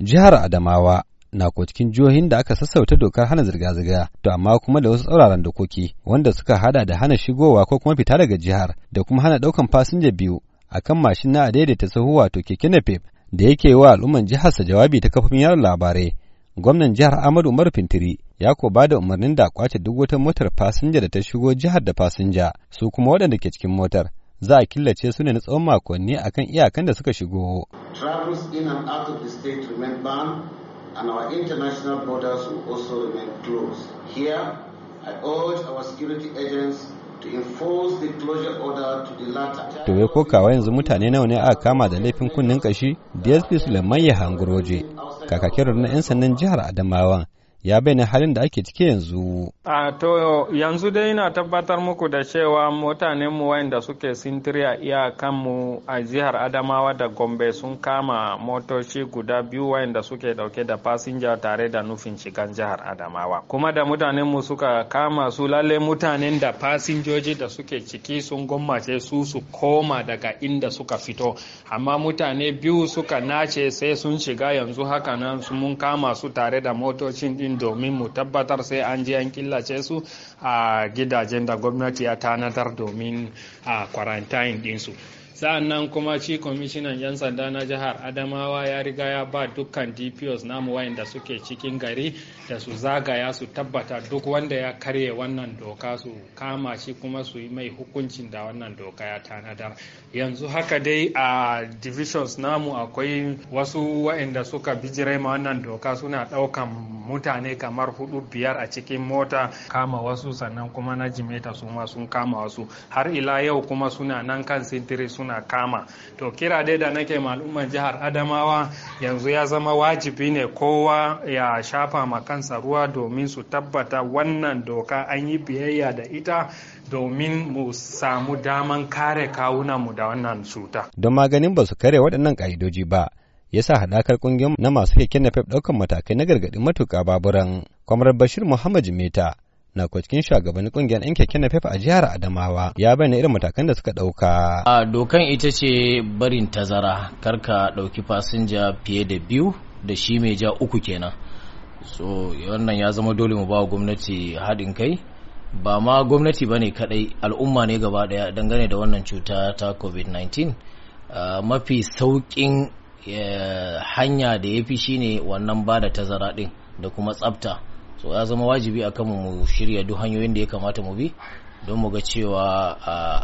jihar Adamawa na ko cikin jihohin da aka sassauta dokar hana zirga-zirga to amma kuma da wasu tsauraran dokoki wanda suka hada da hana shigowa ko kuma fita daga jihar da kuma hana daukan fasinja biyu akan mashin na daidaita sahu wato keke napep da yake wa al'umman sa jawabi ta kafofin yaran labarai gwamnan jihar Ahmadu Umar Fintiri ya ko ba da umarnin da kwace duk wata motar fasinja da ta shigo jihar da fasinja su kuma waɗanda ke cikin motar za a killace su ne na tsawon makonni akan iyakan da suka shigo. Travels in and out of the state remain banned, and our international borders will also remain closed. Here, I urge our security agents To wai ko kokawa yanzu mutane nawa ne aka kama da laifin kunnen kashi DSP Suleiman ya kakakin na 'yan sandan jihar Adamawa ya bayyana halin da ake ciki yanzu. A to yanzu dai ina tabbatar muku da cewa mutanen mu wayanda suke sintiri a iyakan mu a jihar Adamawa da Gombe sun kama motoci guda biyu wayanda suke dauke da fasinja tare da nufin shigan jihar Adamawa. Kuma da mutanen mu suka kama su lalle mutanen da fasinjoji da suke ciki sun gwammace su su koma daga inda suka fito. Amma mutane biyu suka nace sai sun shiga yanzu haka nan mun kama su tare da motocin din domin mu tabbatar sai an je an killace su a gidajen da gwamnati ya tanadar domin a quarantine ɗinsu. sa'an nan kuma ci kwamishinan 'yan sanda na jihar adamawa ya riga ya ba dukkan dpos namu wayanda suke cikin gari da su zagaya su tabbata duk wanda ya karye wannan doka su kama shi kuma su yi mai hukuncin da wannan doka ya tanadar yanzu haka dai a divisions namu akwai wasu wayanda suka bijire ma wannan doka suna ɗaukan mutane kamar hudu biyar a cikin mota kama wasu sannan kuma na jimeta su ma sun kama wasu har ila yau kuma suna nan kan sintiri suna suna kama to kira dai da nake al'ummar jihar adamawa yanzu ya zama wajibi ne kowa ya shafa ma kansa ruwa domin su tabbata wannan doka an yi biyayya da ita domin mu samu daman kare kawunanmu da wannan cuta. Don maganin ba su kare waɗannan ƙa'idoji ba, ya sa haɗakar ƙungiyar na masu keke na ɗaukar matakai na gargaɗin matuƙa baburan. Kwamar Bashir Muhammad Jimeta na kwacikin shugabannin kungiyar yan keke na fefa a jihar Adamawa ya bayyana irin matakan da suka dauka. A dokan ita ce barin tazara kar ka dauki fasinja fiye da biyu da shi mai ja uku kenan. So wannan ya zama dole mu ba gwamnati haɗin kai ba ma gwamnati ba ne kadai al'umma ne gaba ɗaya dangane da wannan cuta ta covid-19 mafi sauƙin eh, hanya da ya fi shine wannan ba da tazara din da kuma tsabta so ya zama wajibi a kanmu mu shirya duk hanyoyin da ya kamata mu bi don mu ga cewa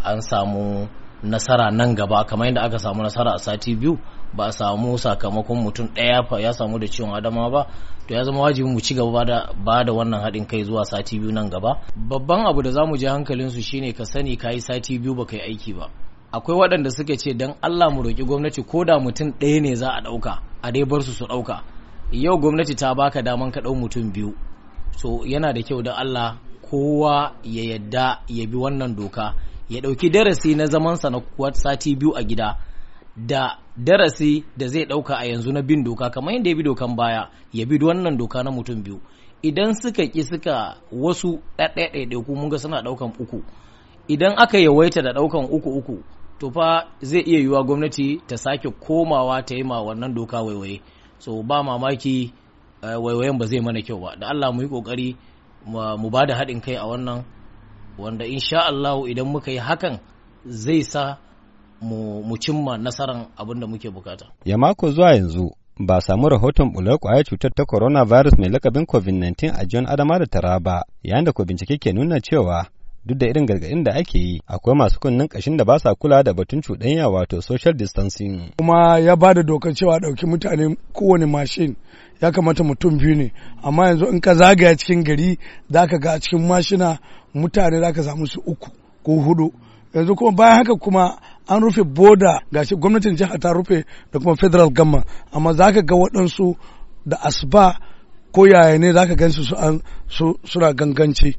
an samu nasara nan gaba kamar yadda aka samu nasara a sati biyu ba a samu sakamakon mutum ɗaya ya samu da ciwon adama ba to ya zama wajibi mu ci gaba ba da wannan haɗin kai zuwa sati biyu nan gaba babban abu da za mu je hankalin su shine ka sani ka yi sati biyu ba ka aiki ba akwai waɗanda suka ce don Allah mu roƙi gwamnati ko da mutum ɗaya ne za a ɗauka a dai bar su su ɗauka yau gwamnati ta baka daman ka ɗau mutum biyu so yana da kyau da Allah kowa ya yadda ya bi wannan doka ya ɗauki darasi na zamansa na sati biyu a gida da darasi da zai ɗauka a yanzu na bin doka kamar yadda ya bi dokan baya ya bi wannan doka na mutum biyu idan suka ki suka wasu ɗaiɗaiɗaiku mun ga suna ɗaukan uku idan aka yawaita da ɗaukan uku uku to fa zai iya yiwuwa gwamnati ta sake komawa ta yi ma wannan doka waiwaye so ba mamaki Eh, waiwayen ba zai mana kyau ba da Allah mu yi kokari mu ba da haɗin kai a wannan wanda insha Allah idan muka yi hakan zai sa mu cimma nasaran abin da muke bukata. Ya mako zuwa yanzu ba samu rahoton bular kwaya cutar ta coronavirus mai lakabin covid-19 a john adama da tara ba yayin da ko bincike ke nuna cewa duk da irin gargaɗin da ake yi akwai masu kunnen ƙashin da ba sa kula da batun cuɗanya wato social distancing kuma ya ba da dokar cewa ɗauki mutane kowane mashin ya kamata mutum biyu ne amma yanzu in ka zagaya cikin gari za ka ga cikin mashina mutane za ka samu su uku ko hudu yanzu kuma bayan haka kuma an rufe boda gashi gwamnatin jiha ta rufe da kuma federal gama amma za ka ga waɗansu da asuba ko yaya ne zaka gansu su an su suna ganganci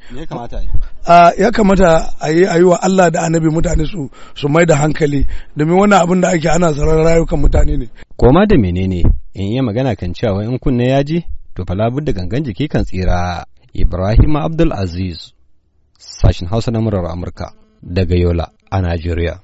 ya kamata a yi a yi wa Allah da annabi mutane su su mai da hankali domin wannan abin da ake ana tsaron rayukan mutane ne koma da menene in yi magana kan cewa in kunne ya ji to fa da gangan jiki kan tsira Ibrahim Abdul Aziz sashin Hausa na murar Amurka daga Yola a Najeriya